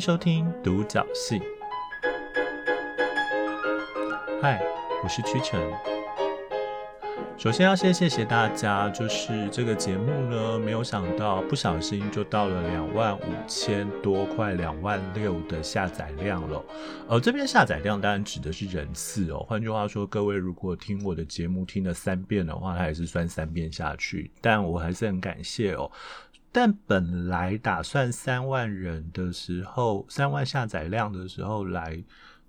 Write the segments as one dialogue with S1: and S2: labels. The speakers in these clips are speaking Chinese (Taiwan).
S1: 收聽讀角戲。嗨，我是屈臣。首先要先謝謝大家，就是這個節目呢，沒有想到不小心就到了兩萬五千多快，兩萬六的下載量了。呃，這邊下載量當然指的是人次哦。換句話說，各位如果聽我的節目聽了三遍的話，它也是算三遍下去。但我還是很感謝哦。但本來打算三萬人的時候，三萬下載量的時候來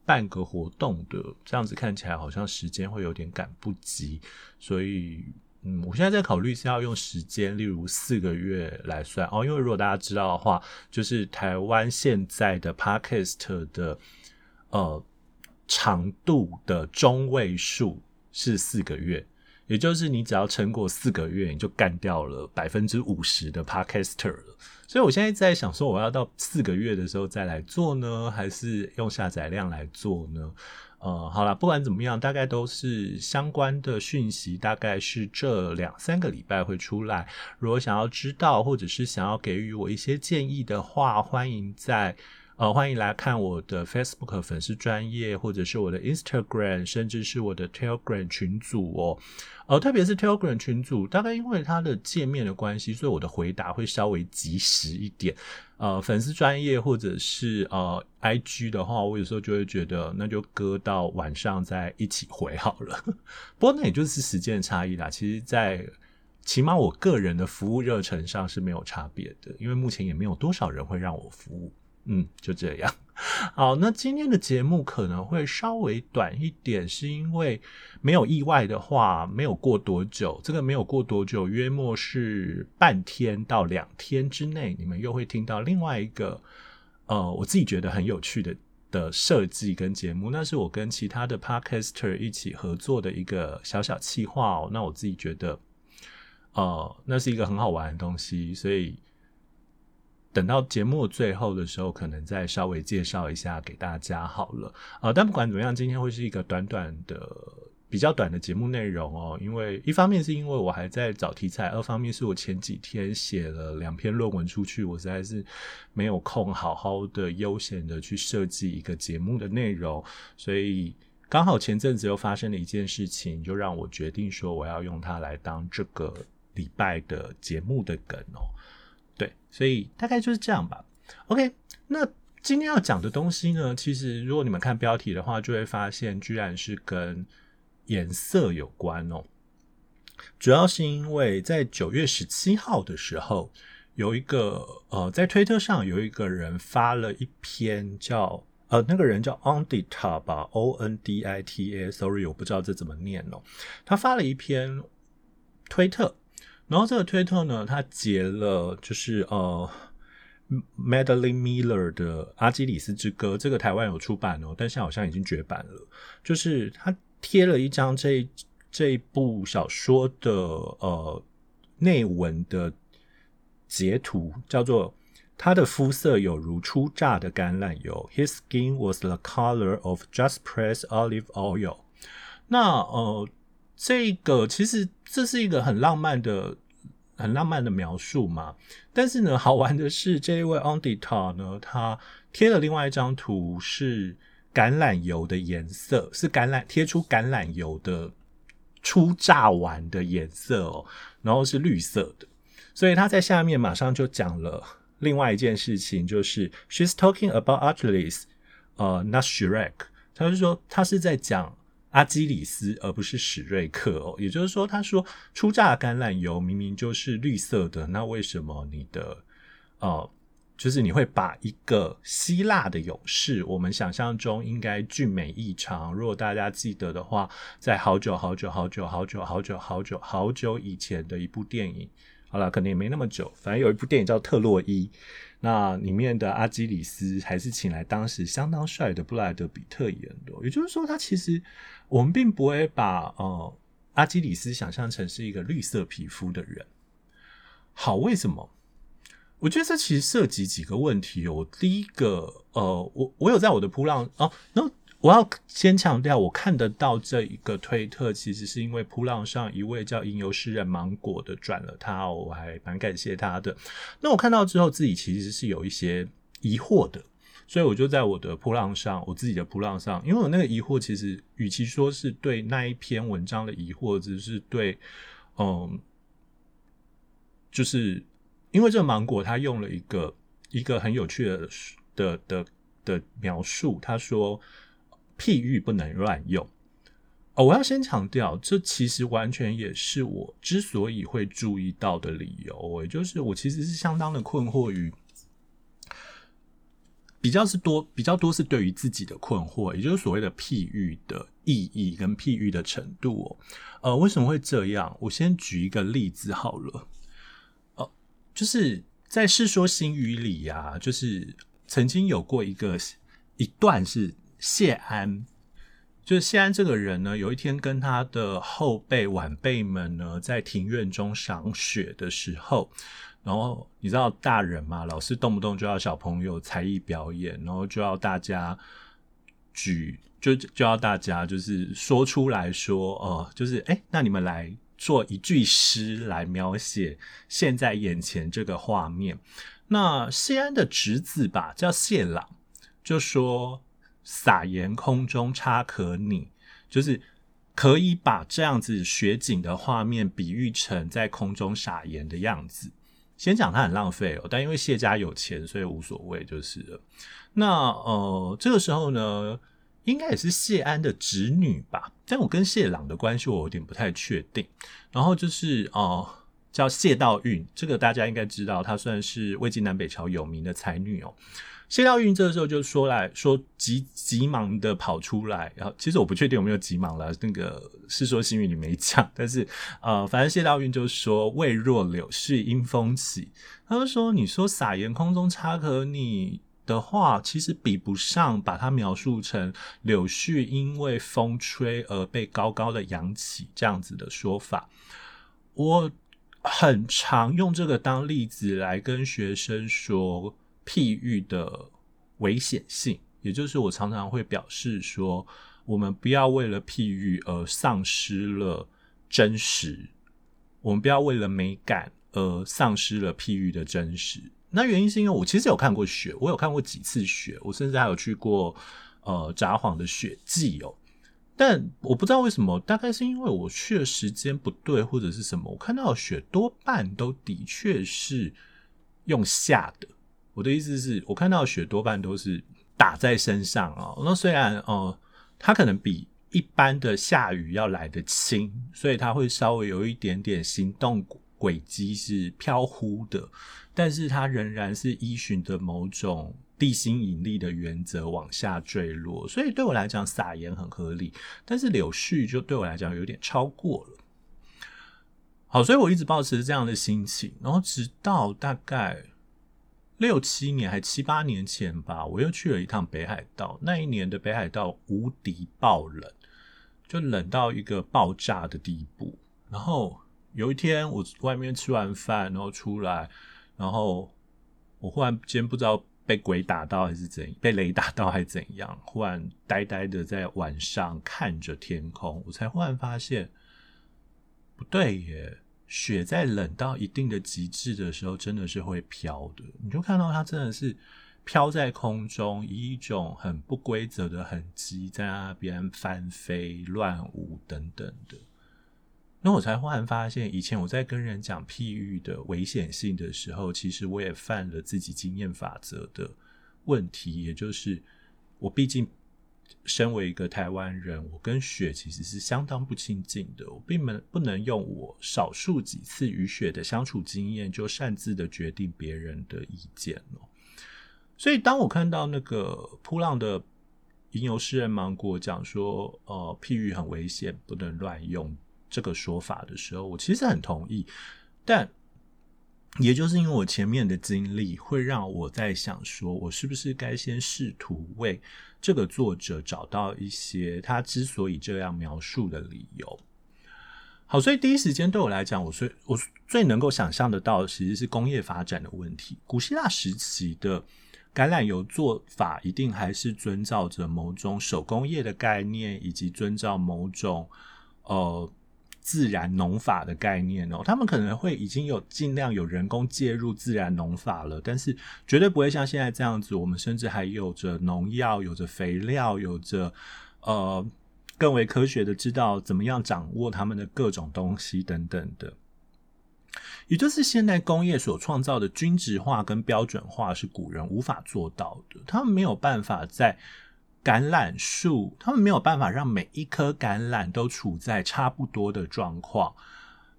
S1: 辦個活動的，這樣子看起來好像時間會有點趕不及，所以，嗯，我現在在考慮是要用時間，例如四個月來算哦，因為如果大家知道的話，就是台灣現在的 Podcast 的呃長度的中位數是四個月。也就是你只要撐過四個月，你就幹掉了百分之五十的 Podcaster 了。所以我現在在想說，我要到四個月的時候再來做呢，還是用下載量來做呢？呃，好啦，不管怎麼樣，大概都是相關的訊息，大概是這兩三個禮拜會出來。如果想要知道，或者是想要給予我一些建議的話，歡迎在。呃，歡迎來看我的 Facebook 粉絲專業，或者是我的 Instagram，甚至是我的 Telegram 群組哦。呃，特別是 Telegram 群組，大概因為它的界面的關係，所以我的回答會稍微及時一點。呃，粉絲專業或者是呃 IG 的話，我有時候就會覺得那就擱到晚上再一起回好了。 不過那也就是時間的差異啦。其實，在起碼我個人的服務熱忱上是沒有差別的，因為目前也沒有多少人會讓我服務。嗯，就這樣。好，那今天的節目可能會稍微短一點，是因為沒有意外的話，沒有過多久。這個沒有過多久，約莫是半天到兩天之內，你們又會聽到另外一個呃，我自己覺得很有趣的的設計跟節目。那是我跟其他的 Podcaster 一起合作的一個小小企劃哦。那我自己覺得，呃，那是一個很好玩的東西，所以。等到節目最後的時候，可能再稍微介紹一下給大家好了。呃，但不管怎麼樣，今天會是一個短短的、比較短的節目內容哦。因為一方面是因為我還在找題材，二方面是我前幾天寫了兩篇論文出去，我實在是沒有空好好的悠閒的去設計一個節目的內容。所以剛好前陣子又發生了一件事情，就讓我決定說我要用它來當這個禮拜的節目的梗哦。所以大概就是這樣吧。OK，那今天要講的東西呢，其實如果你們看標題的話，就會發現居然是跟顏色有關哦。主要是因為在九月十七號的時候，有一個呃，在推特上有一個人發了一篇叫呃，那個人叫 Ondita 吧，O-N-D-I-T-A，Sorry，我不知道這怎麼念哦。他發了一篇推特。然後這個推特呢，他截了就是呃，Madeline Miller 的《阿基里斯之歌》，這個台灣有出版哦，但是好像已經絕版了。就是他貼了一張這這一部小說的呃內文的截圖，叫做“他的膚色有如初榨的橄欖油 ”，His skin was the color of just pressed olive oil 那。那呃。這個其實這是一個很浪漫的、很浪漫的描述嘛。但是呢，好玩的是這一位 ondita 呢，他貼了另外一張圖，是橄欖油的顏色，是橄欖貼出橄欖油的初榨完的顏色哦，然後是綠色的。所以他在下面馬上就講了另外一件事情，就是 she's talking about Achilles，呃、uh, not Shrek 他就說他是在講。阿基里斯，而不是史瑞克哦，也就是說，他說初榨橄欖油明明就是綠色的，那為什麼你的，呃，就是你會把一個希臘的勇士，我們想象中應該俊美異常，如果大家記得的話，在好久好久好久好久好久好久好久以前的一部電影。好啦，可能也沒那麼久，反正有一部電影叫《特洛伊》，那裡面的阿基里斯還是請來當時相當帥的布萊德·比特演的，也就是說，他其實我們並不會把呃阿基里斯想象成是一個綠色皮膚的人。好，為什麼？我覺得這其實涉及幾個問題哦。第一個，呃，我我有在我的噗浪啊、哦，那。我要先強調，我看得到這一個推特，其實是因為噗浪上一位叫吟遊詩人芒果的轉了他，我還蠻感謝他的。那我看到之後，自己其實是有一些疑惑的，所以我就在我的噗浪上，我自己的噗浪上，因為我那個疑惑其實，與其說是對那一篇文章的疑惑，只是對，嗯，就是因為這個芒果他用了一個一個很有趣的的的的描述，他說。譬喻不能亂用哦！我要先強調，這其實完全也是我之所以會注意到的理由，也就是我其實是相當的困惑於比較是多比較多是對於自己的困惑，也就是所謂的譬喻的意義跟譬喻的程度哦。呃，為什麼會這樣？我先舉一個例子好了。哦、呃，就是在《世說新語》裡呀、啊，就是曾經有過一個一段是。謝安，就是謝安這個人呢，有一天跟他的後輩晚輩們呢，在庭院中賞雪的時候，然後你知道大人嘛，老是動不動就要小朋友才藝表演，然後就要大家舉，就就要大家就是說出來說，哦、呃，就是哎、欸，那你們來做一句詩來描寫現在眼前這個畫面。那謝安的侄子吧，叫謝朗，就說。撒鹽空中差可擬，就是可以把這樣子雪景的畫面比喻成在空中撒鹽的樣子。先講它很浪費哦，但因為謝家有錢，所以無所謂，就是了。那呃，這個時候呢，應該也是謝安的侄女吧？但我跟謝朗的關係我有點不太確定。然後就是哦、呃，叫謝道韞，這個大家應該知道，她算是魏晉南北朝有名的才女哦。謝道韞這時候就說來：“來說急急忙的跑出來，然後其實我不確定有沒有急忙了。那個《世說新語》裡沒講，但是呃，反正謝道韞就說‘未若柳，柳絮因風起’，他就說：‘你說撒鹽空中差可擬的話，其實比不上把它描述成柳絮因為風吹而被高高的揚起這樣子的說法。’我很常用這個當例子來跟學生說。”譬喻的危險性，也就是我常常會表示說，我們不要為了譬喻而喪失了真實，我們不要為了美感而喪失了譬喻的真實。那原因是因為我其實有看過雪，我有看過幾次雪，我甚至還有去過呃札幌的雪祭哦、喔。但我不知道為什麼，大概是因為我去的時間不對或者是什麼，我看到的雪多半都的確是用下的。我的意思是，我看到雪多半都是打在身上啊、哦。那雖然哦、呃，它可能比一般的下雨要來得輕，所以它會稍微有一點點行動軌跡是飄忽的，但是它仍然是依循着某種地心引力的原則往下墜落。所以對我來講撒鹽很合理，但是柳絮就對我來講有點超過了。好，所以我一直保持這樣的心情，然後直到大概，六七年，還七八年前吧，我又去了一趟北海道。那一年的北海道無敵爆冷，就冷到一個爆炸的地步。然後有一天，我外面吃完飯，然後出來，然後我忽然間不知道被鬼打到還是怎，被雷打到還是怎樣，忽然呆呆的在晚上看着天空，我才忽然發現不對耶。雪在冷到一定的極致的時候，真的是會飄的。你就看到它真的是飄在空中，以一種很不規則的痕迹，在那邊翻飛、亂舞等等的。那我才忽然發現，以前我在跟人講譬喻的危險性的時候，其實我也犯了自己經驗法則的問題，也就是我畢竟。身為一個台灣人，我跟雪其實是相當不親近的。我並不能用我少數幾次與雪的相處經驗，就擅自的決定別人的意見。所以，當我看到那個噗浪的吟遊詩人芒果講說，呃，譬喻很危險，不能亂用這個說法的時候，我其實很同意。但也就是因為我前面的經歷，會讓我在想說，我是不是該先試圖為。這個作者找到一些他之所以這樣描述的理由。好，所以第一時間對我來講，我最我最能夠想象得到的，其實是工業發展的問題。古希臘時期的橄欖油做法，一定還是遵照着某種手工業的概念，以及遵照某種呃。自然農法的概念哦，他們可能會已經有儘量有人工介入自然農法了，但是絕對不會像現在這樣子。我們甚至還有着農藥、有着肥料、有着呃更為科學的知道怎麼樣掌握他們的各種東西等等的。也就是現代工業所創造的均質化跟標準化是古人無法做到的，他們沒有辦法在，橄欖樹，他們沒有辦法讓每一顆橄欖都處在差不多的狀況，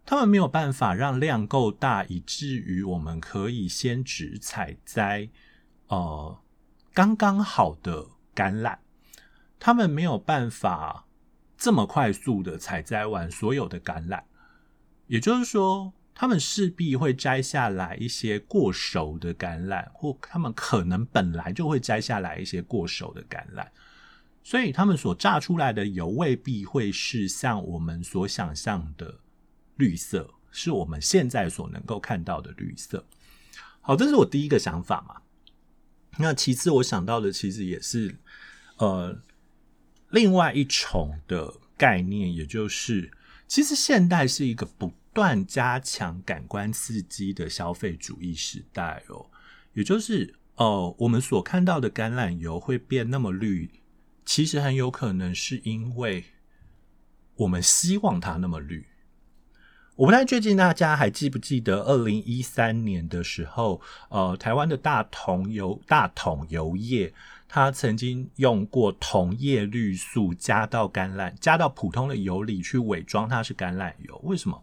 S1: 他們沒有辦法讓量夠大，以至於我們可以先只採摘，呃，剛剛好的橄欖，他們沒有辦法這麼快速的採摘完所有的橄欖，也就是說。他們勢必會摘下來一些過熟的橄欖，或他們可能本來就會摘下來一些過熟的橄欖，所以他們所榨出來的油未必會是像我們所想象的綠色，是我們現在所能夠看到的綠色。好，這是我第一個想法嘛。那其次我想到的其實也是呃，另外一重的概念，也就是其實現代是一個不。斷加強感官刺激的消費主義時代哦，也就是哦、呃，我們所看到的橄欖油會變那麼綠，其實很有可能是因為我們希望它那麼綠。我不太確定大家還記不記得，二零一三年的時候，呃，台灣的大統油、大統油業，它曾經用過銅葉綠素加到橄欖，加到普通的油裡去偽裝它是橄欖油，為什麼？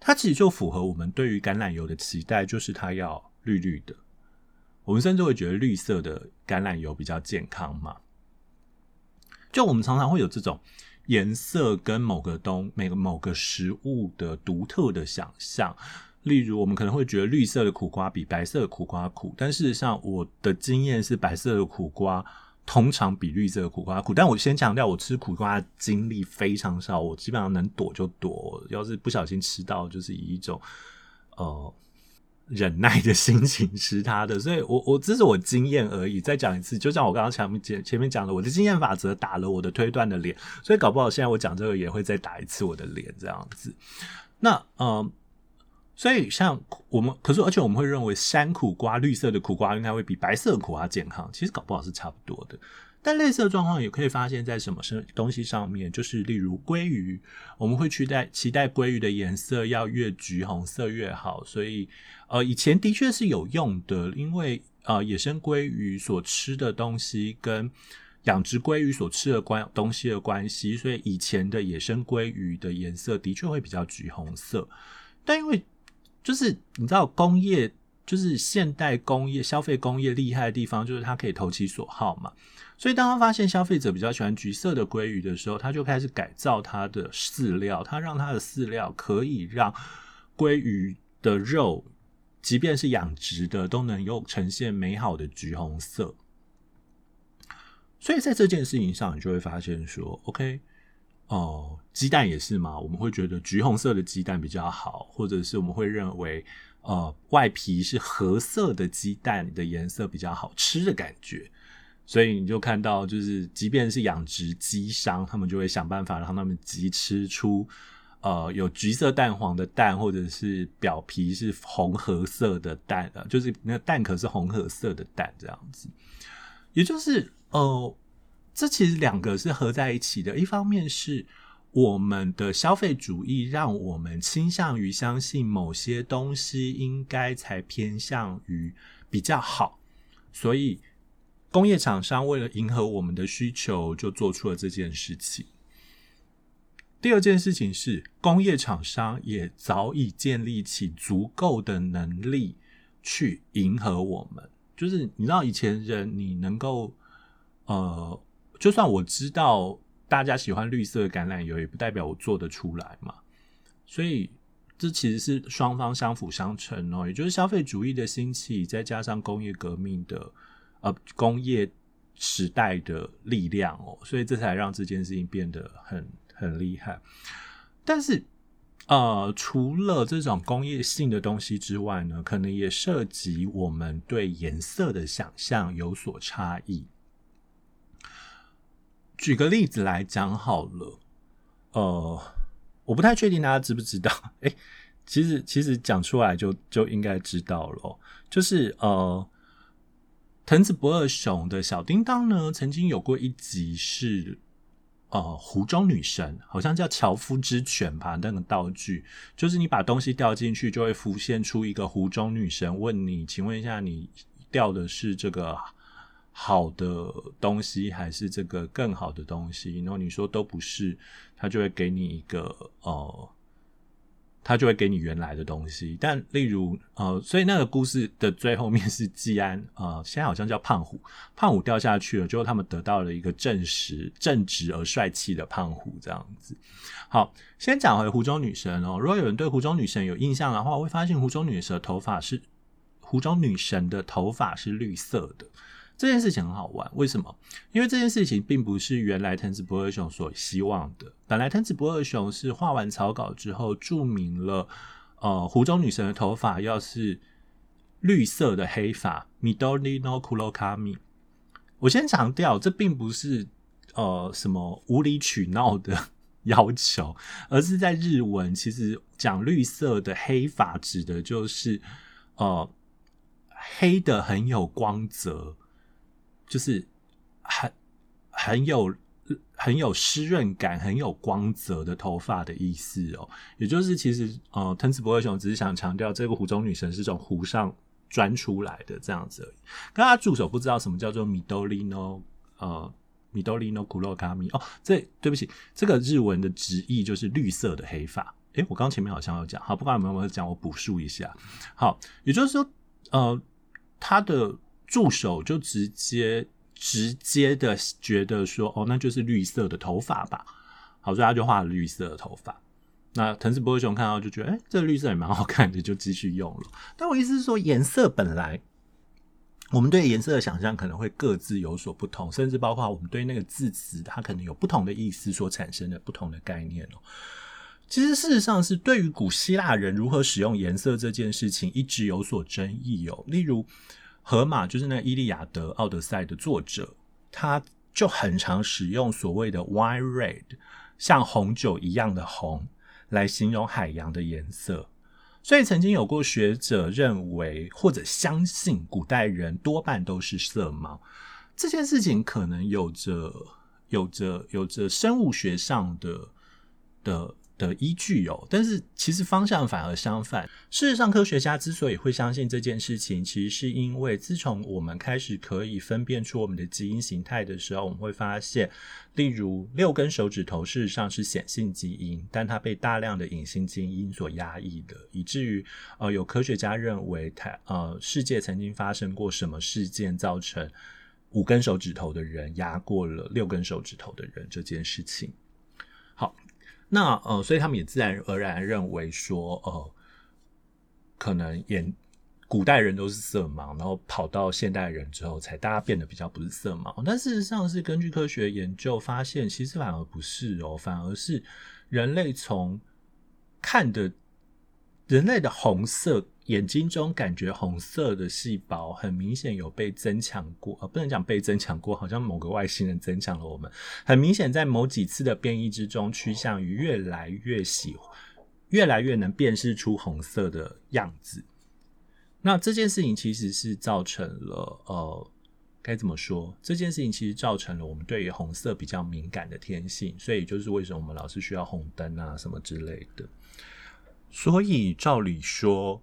S1: 它其實就符合我們對於橄欖油的期待，就是它要綠綠的。我們甚至會覺得綠色的橄欖油比較健康嘛？就我們常常會有這種顏色跟某個東、每個某個食物的獨特的想象。例如，我們可能會覺得綠色的苦瓜比白色的苦瓜苦，但事實上，我的經驗是白色的苦瓜。通常比綠色苦瓜苦，但我先強調，我吃苦瓜的經歷非常少，我基本上能躲就躲，要是不小心吃到，就是以一種呃忍耐的心情吃它的。所以我，我我這是我經驗而已。再講一次，就像我剛剛前面前前面講的，我的經驗法則打了我的推斷的臉，所以搞不好現在我講這個也會再打一次我的臉這樣子。那嗯。呃所以，像我們，可是而且我們會認為山苦瓜、綠色的苦瓜應該會比白色苦瓜健康。其實搞不好是差不多的。但類似的狀況也可以發現在什麼是東西上面，就是例如鮭魚，我們會期待期待鮭魚的顏色要越橘紅色越好。所以，呃，以前的確是有用的，因為呃，野生鮭魚所吃的東西跟養殖鮭魚所吃的關東西的關係，所以以前的野生鮭魚的顏色的確會比較橘紅色，但因為就是你知道工業，就是現代工業、消費工業厲害的地方，就是它可以投其所好嘛。所以當他發現消費者比較喜歡橘色的鮭魚的時候，他就開始改造它的飼料，他讓它的飼料可以讓鮭魚的肉，即便是養殖的，都能夠呈現美好的橘紅色。所以在這件事情上，你就會發現說，OK。哦、呃，雞蛋也是嘛。我們會覺得橘紅色的雞蛋比較好，或者是我們會認為，呃，外皮是褐色的雞蛋的顏色比較好吃的感覺。所以你就看到，就是即便是養殖雞商，他們就會想辦法讓他們雞吃出，呃，有橘色蛋黃的蛋，或者是表皮是紅褐色的蛋，呃，就是那個蛋殼是紅褐色的蛋這樣子。也就是，呃。這其實兩個是合在一起的。一方面是我們的消費主義，讓我們傾向於相信某些東西應該才偏向於比較好，所以工業廠商為了迎合我們的需求，就做出了這件事情。第二件事情是，工業廠商也早已建立起足夠的能力去迎合我們。就是你知道，以前人你能夠，呃，就算我知道大家喜歡綠色橄欖油，也不代表我做得出來嘛。所以這其實是雙方相輔相成哦，也就是消費主義的興起，再加上工業革命的呃工業時代的力量哦，所以這才讓這件事情變得很很厲害。但是呃，除了這種工業性的東西之外呢，可能也涉及我們對顏色的想象有所差異。舉個例子來講好了，呃，我不太確定大家知不知道，誒、欸，其實其實講出來就就應該知道了，就是呃，藤子不二雄的小叮噹呢，曾經有過一集是，呃，湖中女神，好像叫樵夫之犬吧，那個道具就是你把東西掉進去，就會浮現出一個湖中女神，問你，請問一下，你掉的是這個。好的東西還是這個更好的東西？然後你說都不是，他就會給你一個呃，他就會給你原來的東西。但例如呃，所以那個故事的最後面是技安呃，現在好像叫胖虎，胖虎掉下去了，之後他們得到了一個正直、正直而帥氣的胖虎這樣子。好，先講回湖中女神哦。如果有人對湖中女神有印象的話，會發現湖中女神的頭髮是湖中女神的頭髮是綠色的。這件事情很好玩，為什麼？因為這件事情並不是原來藤子不二雄所希望的。本來藤子不二雄是畫完草稿之後注明了，呃，湖中女神的頭髮要是綠色的黑髮，Midori no Kurokami。我先強調，這並不是呃什麼無理取鬧的要求，而是在日文其實講綠色的黑髮，指的就是呃黑得很有光澤。就是很很有很有濕潤感、很有光澤的頭髮的意思哦，也就是其實呃，藤子不二雄只是想強調這個湖中女神是從湖上鑽出來的這樣子而已。剛剛他助手不知道什麼叫做米多利諾呃，米多利諾古洛卡米哦，這對不起，這個日文的直譯就是綠色的黑髮。誒、欸，我剛前面好像有講，好，不管有沒有講，我補述一下。好，也就是說呃，他的。助手就直接直接的覺得說，哦，那就是綠色的頭髮吧。好，所以他就畫了綠色的頭髮。那藤子不二雄看到就覺得，哎、欸，這綠色也蠻好看的，就繼續用了。但我意思是說，顏色本來我們對顏色的想象可能會各自有所不同，甚至包括我們對那個字詞，它可能有不同的意思所產生的不同的概念哦。其實事實上是對於古希臘人如何使用顏色這件事情一直有所爭議哦。例如。荷馬就是那《伊利亞德》《奧德賽》的作者，他就很常使用所謂的 “wine red”，像紅酒一樣的紅，來形容海洋的顏色。所以，曾經有過學者認為，或者相信，古代人多半都是色盲。這件事情可能有着、有着、有着生物學上的的。的依據有，哦，但是其實方向反而相反。事實上，科學家之所以會相信這件事情，其實是因為自從我們開始可以分辨出我們的基因形態的時候，我們會發現，例如六根手指頭事實上是顯性基因，但它被大量的隱性基因所壓抑的，以至於呃，有科學家認為它呃，世界曾經發生過什麼事件，造成五根手指頭的人壓過了六根手指頭的人這件事情。那呃，所以他們也自然而然認為說，呃，可能演古代人都是色盲，然後跑到現代人之後，才大家變得比較不是色盲。但事實上是根據科學研究發現，其實反而不是哦，反而是人類從看的，人類的紅色。眼睛中感覺紅色的細胞很明顯有被增強過，呃，不能講被增強過，好像某個外星人增強了我們。很明顯，在某幾次的變異之中，趨向於越來越喜歡，越來越能辨識出紅色的樣子。那這件事情其實是造成了，呃，該怎麼說？這件事情其實造成了我們對於紅色比較敏感的天性，所以就是為什麼我們老是需要紅燈啊什麼之類的。所以照理說，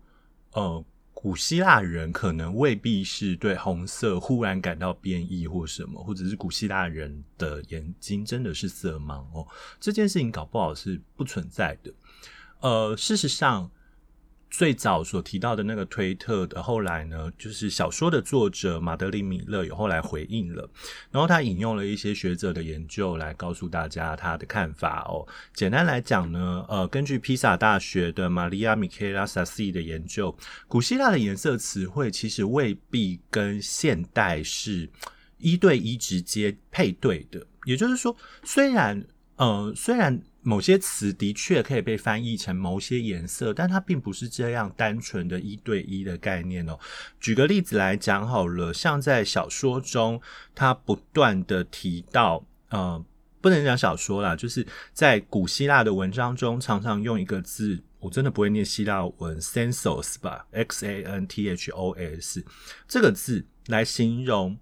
S1: 呃，古希臘人可能未必是對紅色忽然感到變異或什麼，或者是古希臘人的眼睛真的是色盲哦，這件事情搞不好是不存在的。呃，事實上。最早所提到的那個推特的，後來呢，就是小說的作者瑪德琳·米勒有後來回應了，然後他引用了一些學者的研究來告訴大家他的看法哦。簡單來講呢，呃，根據披薩大學的瑪麗亞米凱拉薩西的研究，古希臘的顏色詞彙其實未必跟現代是一對一直接配對的，也就是說，雖然，呃，雖然。某些詞的確可以被翻譯成某些顏色，但它並不是這樣單純的一對一的概念哦。舉個例子來講好了，像在小說中，他不斷地提到，呃，不能講小說啦，就是在古希臘的文章中，常常用一個字，我真的不會念希臘文，sensos 吧，xanthos 這個字來形容，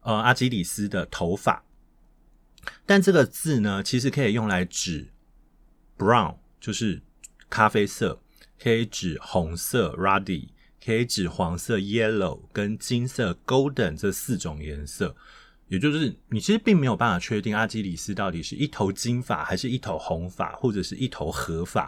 S1: 呃，阿基里斯的頭髮，但這個字呢，其實可以用來指。Brown 就是咖啡色，可以指紅色，Ruddy 可以指黃色，Yellow 跟金色 Golden 這四種顏色，也就是你其實並沒有辦法確定阿基里斯到底是一頭金髮，還是一頭紅髮，或者是一頭黑髮，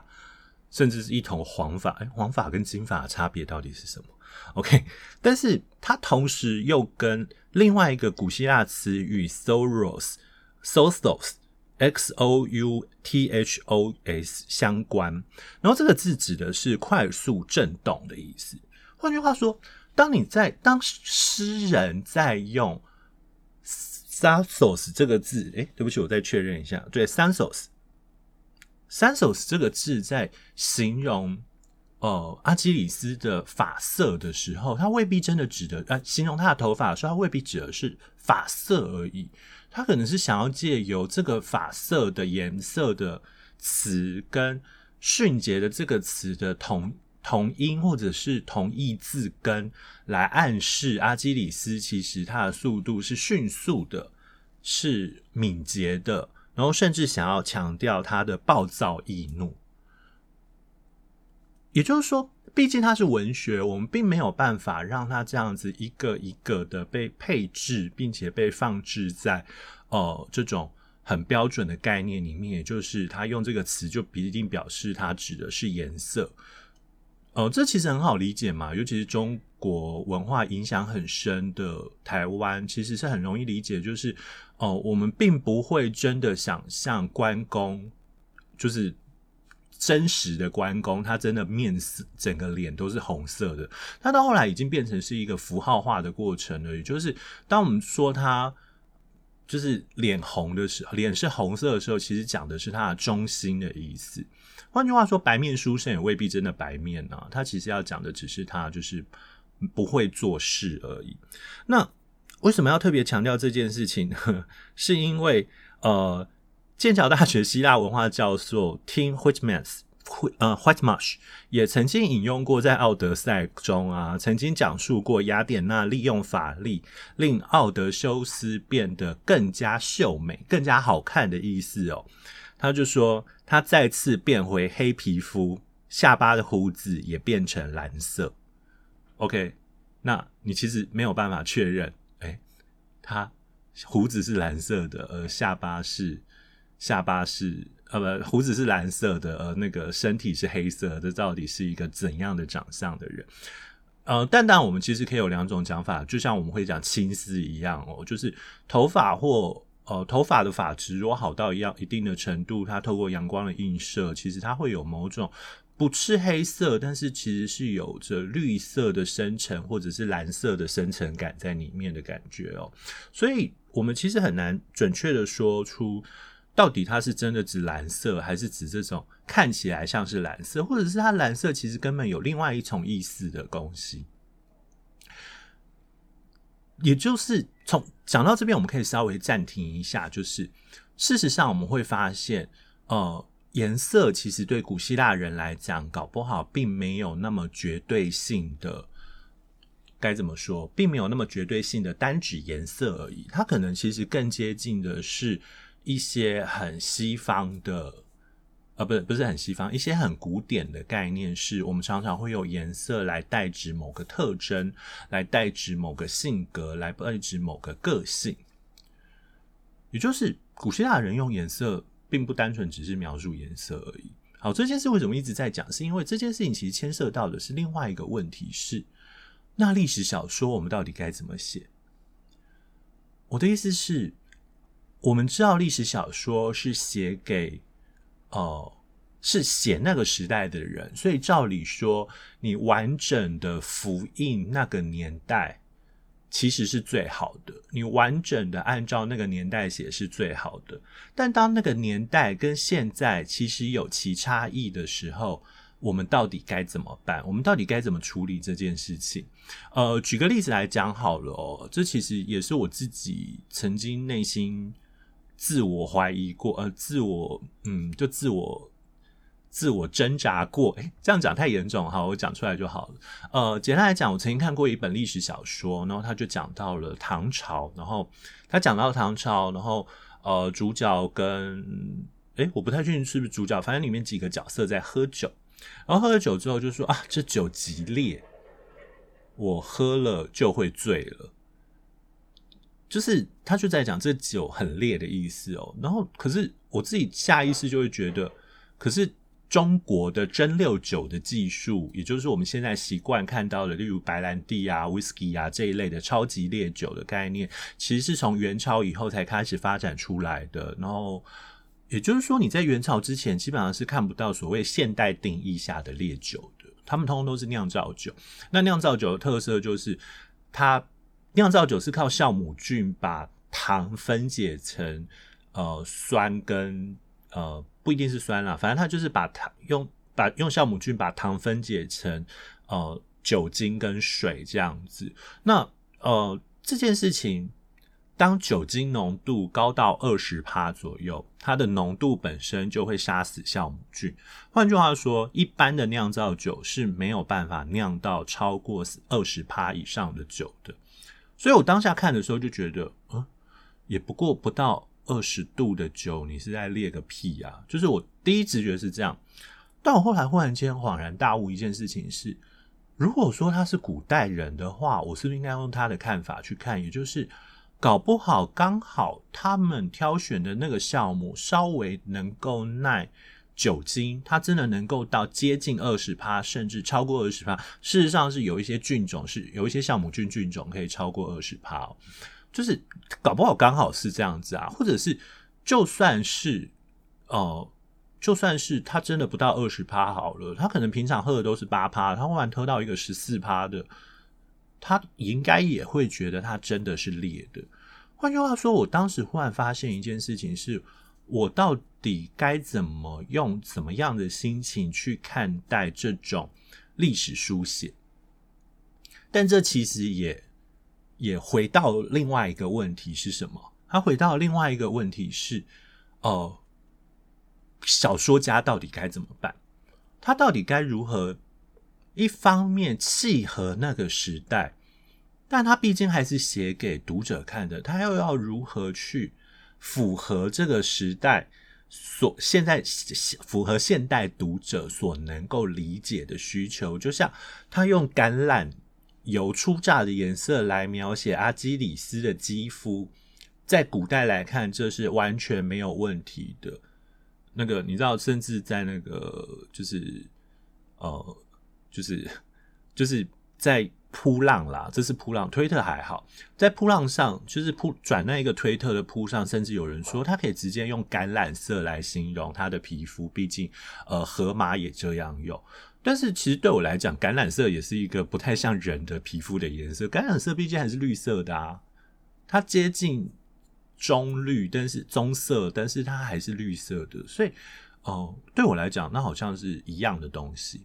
S1: 甚至是一頭黃髮。哎、欸，黃髮跟金髮的差別到底是什麼？OK，但是它同時又跟另外一個古希臘詞語 Soros，Soros。x o u t h o s 相關，然後這個字指的是快速震動的意思。換句話說，當你在，當詩人在用 Sansos 這個字，誒、欸，對不起，我再確認一下，對，Sansos，Sansos 這個字在形容呃阿基里斯的髮色的時候，它未必真的指的，呃，形容他的頭髮的時候，它未必指的是髮色而已。他可能是想要借由這個“髮色”的顏色的詞，跟“迅捷”的這個詞的同同音或者是同義字根，來暗示阿基里斯其實他的速度是迅速的，是敏捷的，然後甚至想要強調他的暴躁易怒。也就是說，畢竟它是文學，我們並沒有辦法讓它這樣子一個一個的被配置，並且被放置在呃這種很標準的概念裡面。也就是它用這個詞，就不一定表示它指的是顏色。呃，這其實很好理解嘛，尤其是中國文化影響很深的台灣，其實是很容易理解，就是呃我們並不會真的想像關公，就是。真實的關公，他真的面色整個臉都是紅色的。他到後來已經變成是一個符號化的過程了。也就是當我們說他就是臉紅的時候，臉是紅色的時候，其實講的是他的忠心的意思。換句話說，白面書生也未必真的白面啊。他其實要講的只是他就是不會做事而已。那為什麼要特別強調這件事情呢？是因為呃。劍橋大學希臘文化教授 Tim Whitmans Wh Whit，呃、uh, Whitmarsh 也曾經引用過，在《奧德賽》中啊，曾經講述過雅典娜利用法力令奧德修斯變得更加秀美、更加好看的意思哦。他就說，他再次變回黑皮膚，下巴的鬍子也變成藍色。OK，那你其實沒有辦法確認，誒、欸，他鬍子是藍色的，而下巴是。下巴是，呃，不，鬍子是藍色的，呃那個身體是黑色的，這到底是一個怎樣的長相的人？呃，但當我們其實可以有兩種講法，就像我們會講青絲一樣哦，就是頭髮或呃頭髮的髮質如果好到一樣一定的程度，它透過陽光的映射，其實它會有某種不是黑色，但是其實是有着綠色的深沉或者是藍色的深沉感在裡面的感覺哦，所以我們其實很難準確的說出。到底它是真的指藍色，還是指這種看起來像是藍色，或者是它藍色其實根本有另外一種意思的東西？也就是從講到這邊，我們可以稍微暫停一下。就是事實上，我們會發現，呃，顏色其實對古希臘人來講，搞不好並沒有那麼絕對性的。該怎麼說，並沒有那麼絕對性的單指顏色而已。它可能其實更接近的是。一些很西方的，呃，不是，不是很西方，一些很古典的概念，是我們常常會用顏色來代指某個特徵，來代指某個性格，來代指某個個性。也就是古希臘人用顏色，並不單純只是描述顏色而已。好，這件事為什麼一直在講？是因為這件事情其實牽涉到的是另外一個問題是：是那歷史小說我們到底該怎麼寫？我的意思是。我們知道歷史小說是寫給，呃，是寫那個時代的人，所以照理說，你完整的複印那個年代，其實是最好的。你完整的按照那個年代寫是最好的。但當那個年代跟現在其實有其差異的時候，我們到底該怎麼辦？我們到底該怎麼處理這件事情？呃，舉個例子來講好了，哦，這其實也是我自己曾經內心。自我懷疑過，呃，自我，嗯，就自我，自我掙扎過。哎，這樣講太嚴重了，好，我講出來就好了。呃，簡單來講，我曾經看過一本歷史小說，然後他就講到了唐朝，然後他講到唐朝，然後呃，主角跟，哎，我不太確定是不是主角，反正裡面幾個角色在喝酒，然後喝了酒之後就說啊，這酒極烈，我喝了就會醉了。就是他就在講這酒很烈的意思哦，然後可是我自己下意識就會覺得，可是中國的蒸餾酒的技術，也就是我們現在習慣看到的，例如白蘭地啊、威士忌啊這一類的超級烈酒的概念，其實是從元朝以後才開始發展出來的。然後也就是說，你在元朝之前基本上是看不到所謂現代定義下的烈酒的，他們通通都是釀造酒。那釀造酒的特色就是它。釀造酒是靠酵母菌把糖分解成呃酸跟呃不一定是酸啦，啊，反正它就是把糖用把用酵母菌把糖分解成呃酒精跟水這樣子。那呃這件事情，當酒精濃度高到二十趴左右，它的濃度本身就會殺死酵母菌。換句話說，一般的釀造酒是沒有辦法釀到超過二十趴以上的酒的。所以我當下看的時候就覺得，嗯，也不過不到二十度的酒，你是在列個屁啊！就是我第一直覺得是這樣，但我後來忽然間恍然大悟一件事情是，如果說他是古代人的話，我是不是應該用他的看法去看，也就是搞不好剛好他們挑選的那個項目稍微能夠耐。酒精，它真的能夠到接近二十趴，甚至超過二十趴。事實上是有一些菌種，是有一些酵母菌菌種可以超過二十趴，就是搞不好剛好是這樣子啊，或者是就算是哦，就算是他、呃、真的不到二十趴好了，他可能平常喝的都是八趴，他忽然喝到一個十四趴的，他應該也會覺得他真的是烈的。換句話說，我當時忽然發現一件事情是，我到底該怎麼用怎麼樣的心情去看待這種歷史書寫？但這其實也也回到另外一個問題是什麼？他回到另外一個問題是，呃，小說家到底該怎麼辦？他到底該如何一方面契合那個時代，但他畢竟還是寫給讀者看的，他又要如何去？符合這個時代所現在符合現代讀者所能夠理解的需求，就像他用橄欖油初榨的顏色來描寫阿基里斯的肌膚，在古代來看，這是完全沒有問題的。那個你知道，甚至在那個就是呃，就是就是在。噗浪啦，這是噗浪。推特還好，在噗浪上就是噗轉，那一個推特的噗上，甚至有人說他可以直接用橄欖色來形容他的皮膚。畢竟，呃，荷馬也這樣用。但是其實對我來講，橄欖色也是一個不太像人的皮膚的顏色。橄欖色畢竟還是綠色的啊，它接近棕綠，但是棕色，但是它還是綠色的。所以，哦、呃，對我來講，那好像是一樣的東西。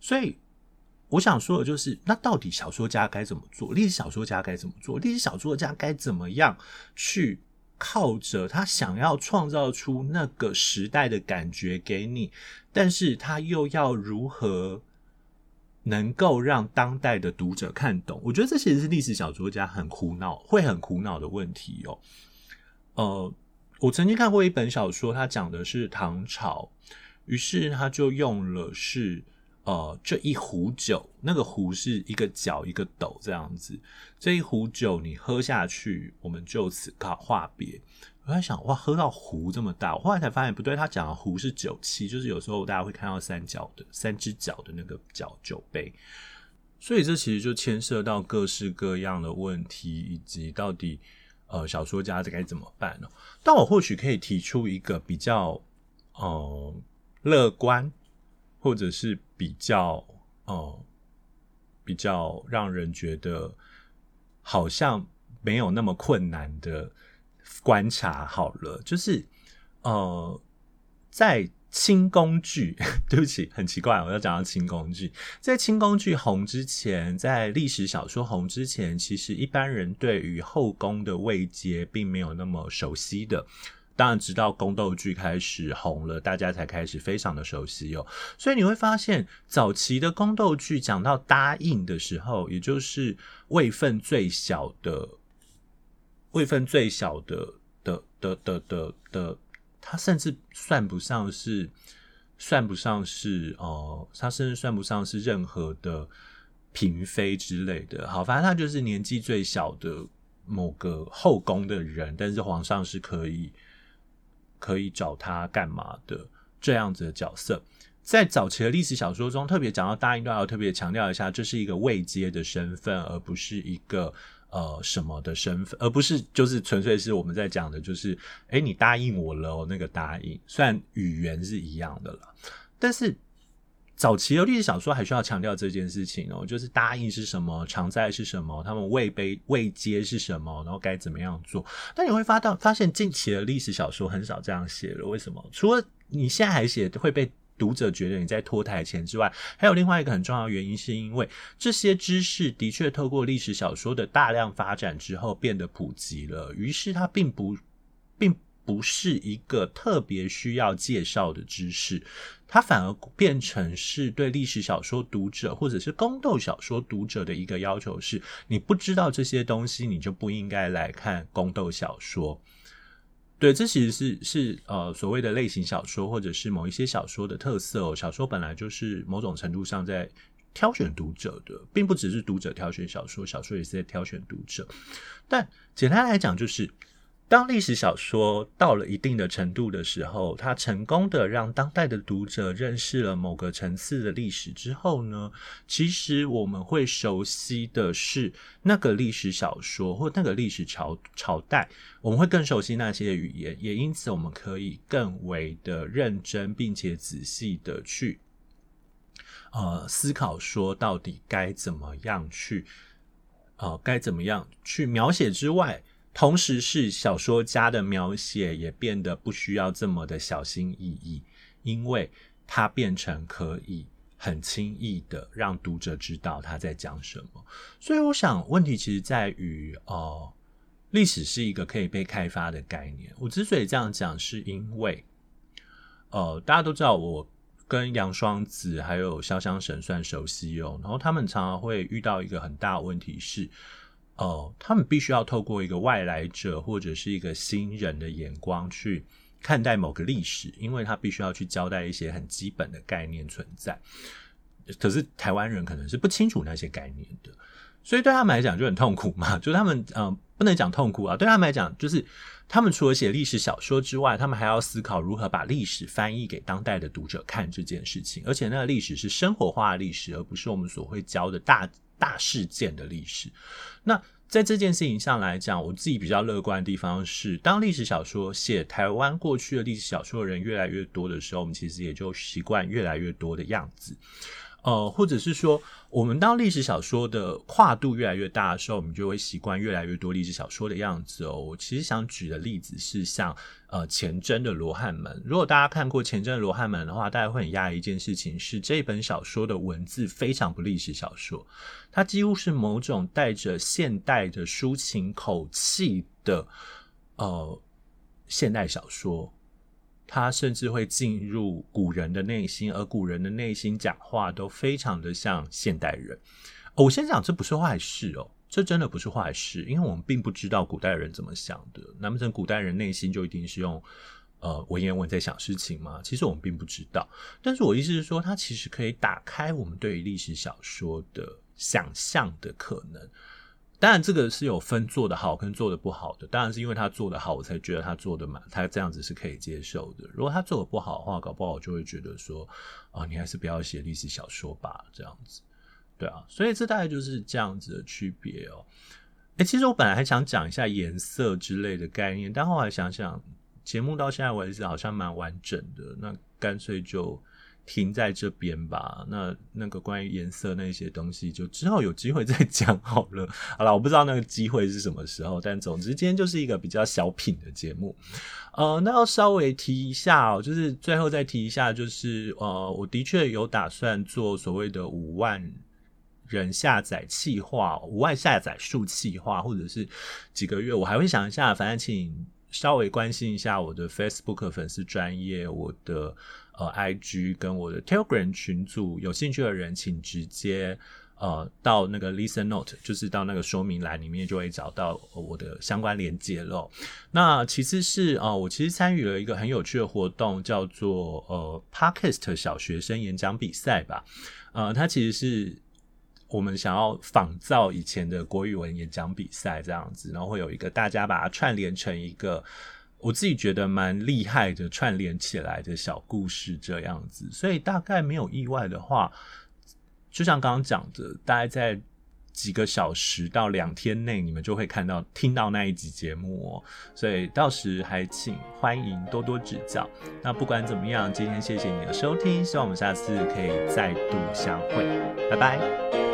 S1: 所以。我想說的，就是那到底小說家該怎麼做？歷史小說家該怎麼做？歷史小說家該怎麼樣去靠着他想要創造出那個時代的感覺給你，但是他又要如何能夠讓當代的讀者看懂？我覺得這其實是歷史小說家很苦惱，會很苦惱的問題哦。呃，我曾經看過一本小說，它講的是唐朝，於是他就用了是。呃，這一壺酒，那個壺是一個角一個斗這樣子。這一壺酒你喝下去，我們就此告話別。我在想，哇，喝到壺這麼大，我後來才發現不對。他講的壺是酒器，就是有時候大家會看到三角的、三只腳的那個腳酒杯。所以這其實就牽涉到各式各樣的問題，以及到底呃小說家這該怎麼辦呢？但我或許可以提出一個比較呃樂觀。或者是比較哦、呃，比較讓人覺得好像沒有那麼困難的觀察好了，就是呃，在清宮劇，對不起，很奇怪，我要講到清宮劇。在清宮劇紅之前，在歷史小說紅之前，其實一般人對於後宮的位階並沒有那麼熟悉的。當然，直到宮鬥劇開始紅了，大家才開始非常的熟悉哦。所以你會發現，早期的宮鬥劇講到答應的時候，也就是位份最小的，位份最小的的的的的的，他甚至算不上是算不上是哦、呃，他甚至算不上是任何的嬪妃之類的。好，反正他就是年紀最小的某個後宮的人，但是皇上是可以。可以找他幹嘛的這樣子的角色。在早期的歷史小說中，特別講到答應的話，要特別強調一下，這，就是一個位階的身份，而不是一個呃什麼的身份，而不是就是純粹是我們在講的，就是哎、欸，你答應我了我，哦、那個答應，雖然語言是一樣的了，但是。早期的歷史小說還需要強調這件事情哦，就是答應是什麼，常在是什麼，他們位卑位階是什麼，然後該怎麼樣做。但你會發到發現，近期的歷史小說很少這樣寫了。為什麼？除了你現在還寫會被讀者覺得你在拖台前之外，還有另外一個很重要的原因，是因為這些知識的確透過歷史小說的大量發展之後變得普及了，於是它並不，並不是一個特別需要介紹的知識。它反而變成是對歷史小說讀者或者是宮鬥小說讀者的一個要求是，是你不知道這些東西，你就不應該來看宮鬥小說。對，這其實是是呃所謂的類型小說或者是某一些小說的特色哦。小說本來就是某種程度上在挑選讀者的，並不只是讀者挑選小說，小說也是在挑選讀者。但簡單來講，就是。當歷史小說到了一定的程度的時候，它成功的讓當代的讀者認識了某個層次的歷史之後呢，其實我們會熟悉的是那個歷史小說或那個歷史朝，朝代，我們會更熟悉那些語言，也因此我們可以更為的認真並且仔細的去，呃，思考說到底該怎麼樣去，呃，該怎麼樣去描寫之外。同時，是小說家的描寫也變得不需要這麼的小心翼翼，因為它變成可以很輕易的讓讀者知道他在講什麼。所以，我想問題其實在於，呃，歷史是一個可以被開發的概念。我之所以這樣講，是因為，呃，大家都知道我跟楊雙子還有瀟湘神算熟悉哦，然後他們常常會遇到一個很大的問題是，哦，他們必須要透過一個外來者或者是一個新人的眼光去看待某個歷史，因為他必須要去交代一些很基本的概念存在。可是台灣人可能是不清楚那些概念的，所以對他們來講就很痛苦嘛。就他們嗯、呃，不能講痛苦啊，對他們來講就是他們除了寫歷史小說之外，他們還要思考如何把歷史翻譯給當代的讀者看這件事情。而且那個歷史是生活化的歷史，而不是我們所會教的大。大事件的歷史，那在這件事情上來講，我自己比較樂觀的地方是，當歷史小說寫台灣過去的歷史小說的人越來越多的時候，我們其實也就習慣越來越多的樣子。呃，或者是說，我們當歷史小說的跨度越來越大的時候，我們就會習慣越來越多歷史小說的樣子哦。我其實想舉的例子是像呃錢真的《羅漢門》。如果大家看過錢真的《羅漢門》的話，大家會很訝異一件事情，是這本小說的文字非常不歷史小說，它幾乎是某種帶着現代的抒情口氣的呃現代小說。他甚至會進入古人的內心，而古人的內心講話都非常的像現代人。哦，我先講，這不是壞事哦，這真的不是壞事，因為我們並不知道古代人怎麼想的。難不成古代人內心就一定是用呃文言文在想事情嗎？其實我們並不知道。但是我意思是說，它其實可以打開我們對於歷史小說的想象的可能。當然，這個是有分做得好，跟做得不好的。當然是因為他做得好，我才覺得他做的嘛，他這樣子是可以接受的。如果他做得不好的話，搞不好我就會覺得說，啊，你還是不要寫歷史小說吧，這樣子。對啊，所以這大概就是這樣子的區別哦。誒、欸、其實我本來還想講一下顏色之類的概念，但後來想想，節目到現在為止好像蠻完整的，那乾脆就。停在這邊吧。那那個關於顏色那些東西，就之後有機會再講好了。好啦，我不知道那個機會是什麼時候，但總之今天就是一個比較小品的節目。呃，那要稍微提一下哦，就是最後再提一下，就是呃，我的確有打算做所謂的五萬人下載企劃、五萬下載數企劃，或者是幾個月，我還會想一下。反正請稍微關心一下我的 Facebook 的粉絲專頁，我的。呃，IG 跟我的 Telegram 群組，有興趣的人請直接呃到那個 Listen Note，就是到那個說明欄裡面就會找到我的相關連接嘍。那其次是呃我其實參與了一個很有趣的活動，叫做呃 Podcast 小學生演講比賽吧。呃，它其實是我們想要仿造以前的國語文演講比賽這樣子，然後會有一個大家把它串聯成一個，我自己覺得蠻厲害的，串聯起來的小故事這樣子，所以大概沒有意外的話，就像剛剛講的，大概在幾個小時到兩天內，你們就會看到聽到那一集節目哦。所以到時還請歡迎多多指教。那不管怎麼樣，今天謝謝你的收聽，希望我們下次可以再度相會，拜拜。